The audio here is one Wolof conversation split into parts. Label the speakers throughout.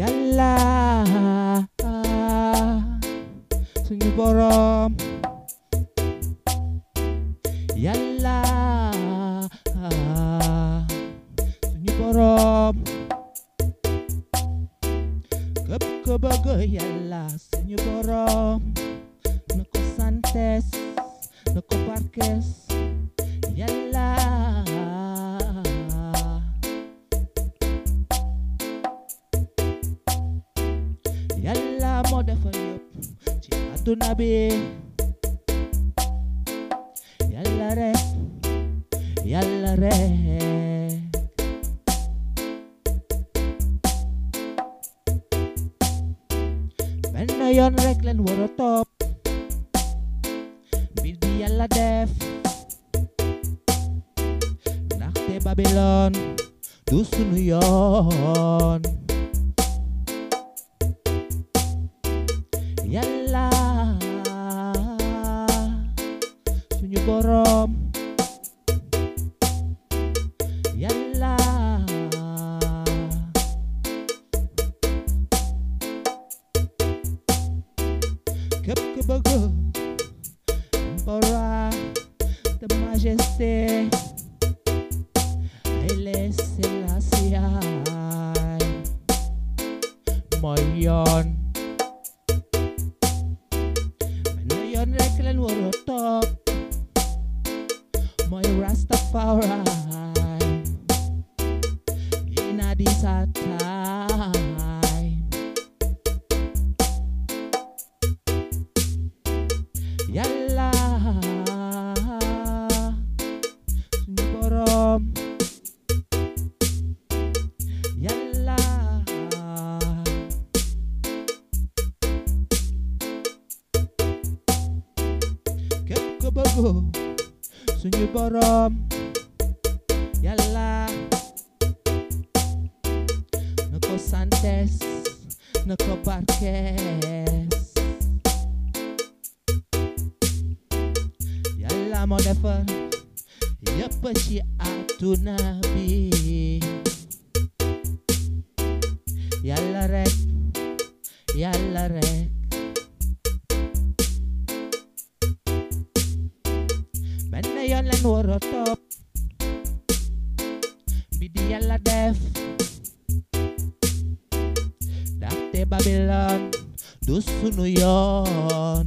Speaker 1: yàlla suñu borom yàlla suñu borom këpp ko bëgg yàlla suñu borom na ko santes na ko barkes yàlla moo defal ci àdduna bi yàlla rek yàlla rek benn yoon rek leen war a topp mbir bi yàlla def ndaxte du sunu yoon yàlla suñu boroom yàlla képp ku bëgg empereur de majesté Haile Selassie mooy yoon yon like sila nurotok Moy Rastafari Inadisatan suñu borom yàlla na ko santes na ko barkes yàlla moo defar yëpp ci àdduna bi yàlla rek yàlla wara topp bi di yàlla def ndaxte Babylone du sunu yoon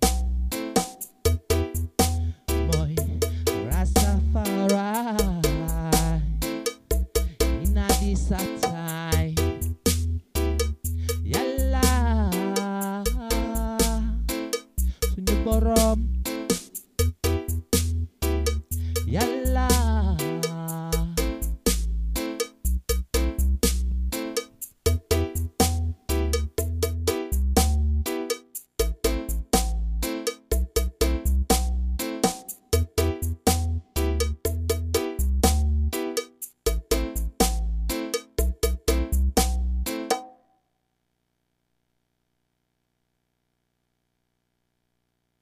Speaker 1: korom